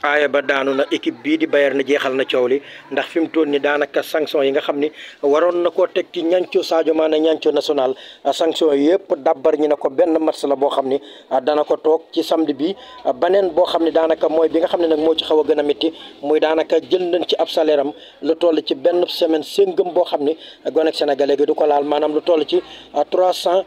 aaya ba daanu na équipe bii di Bayern na jeexal na coow li ndax fi mu toll ni daanaka sanction yi nga xam ni waroon na koo teg ci ñanco ma Mané ñanco national sanction yëpp dabbar ñi na ko benn match la boo xam ni dana ko toog ci samedi bi beneen boo xam ne daanaka mooy bi nga xam ne nag moo ci xaw a gën a métti muy daanaka jël nañ ci ab salaire am lu toll ci benn semaine séngëm boo xam ni gone ak sénégalais gi du ko laal maanaam lu toll ci trois cent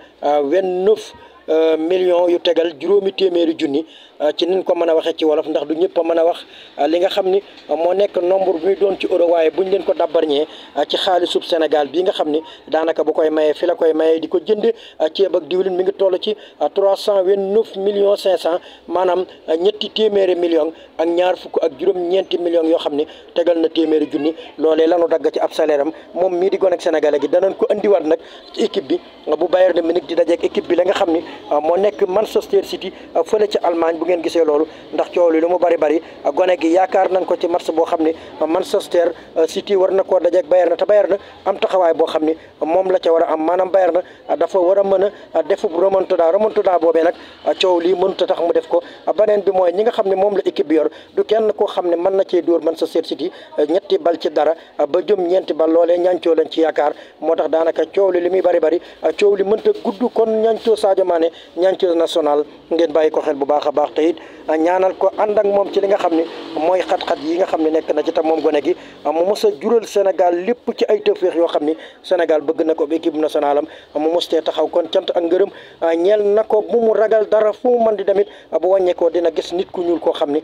vingt neuf Euh, millions yu tegal juróomi téeméeri junni euh, ci niñ ko mën a waxee ci wolof ndax du ñëpp a mën a wax euh, li nga xam ni moo nekk nombre bi doon ci euro waaye bu ñu leen ko ñee ci xaalisub Sénégal bi nga xam ni daanaka bu koy mayee fi la koy mayee di ko jënd ceeb ak diwlin mi ngi toll ci trois cent vingt-neuf millions cinq maanaam ñetti téeméeri million ak ñaar fukk ak juróom-ñeenti millions yoo xam ni tegal na téeméeri junni loolee lanu dagg ci ab salaire am moom mii di gone ak sénégalais gi danañ ko nag ci équipe bi bu Bayern de di dajeek équipe bi la nga xam ni Euh, moo nekk Manchester City euh, fële ci Allemagne bu ngeen gisee loolu ndax coow li lu mu bari bari euh, gone gi yaakaar nañ ko ci match boo xam ne Manchester City war na koo dajeeg Bayern te Bayern am taxawaay boo xam ne moom la ca war a am maanaam Bayern dafa war a mën a defub remontada remontada boobee nag coow lii mënut a tax mu def ko beneen bi mooy ñi nga xam ne moom la équipe bi yor du kenn koo xam ne mën na cee dóor Manchester City ñetti bal ci dara ba jëm ñeenti bal loolee ñancoo lañ ci yaakaar moo tax daanaka coow li li li mënta gudd kon ñancoo ne ñancoo national ngeen bàyyi ko xel bu baax a baax te it ñaanal ko ànd ak moom ci li nga xam ne mooy xat-xat yi nga xam ne nekk na ci tam moom gone gi mu mos a jural Sénégal lépp ci ay tëféex yoo xam ni Sénégal bëgg na ko équipe nationale am mu mos tee taxaw kon cant ak ngërëm a ñeel na ko bu mu ragal dara fu man mën di demit bu wàññeekoo dina gis nit ku ñuul koo xam ni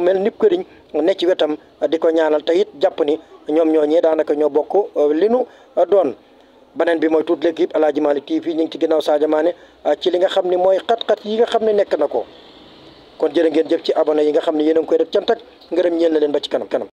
mel nip këriñ ne ci wetam di ko ñaanal te it jàpp ni ñoom ñoo ñee daanaka ñoo bokk li nu doon beneen bi mooy toute l'équipe Aladji Malick TV ñu ngi ci ginnaaw Sadio Mané ah, ci li nga xam ne mooy xat-xat yi nga xam ne nekk na ko kon jële ngeen jëf ci abonné yi nga xam ne yéen a ngi koy def cant ak ngërëm ñeen leen ba ci kanam kanam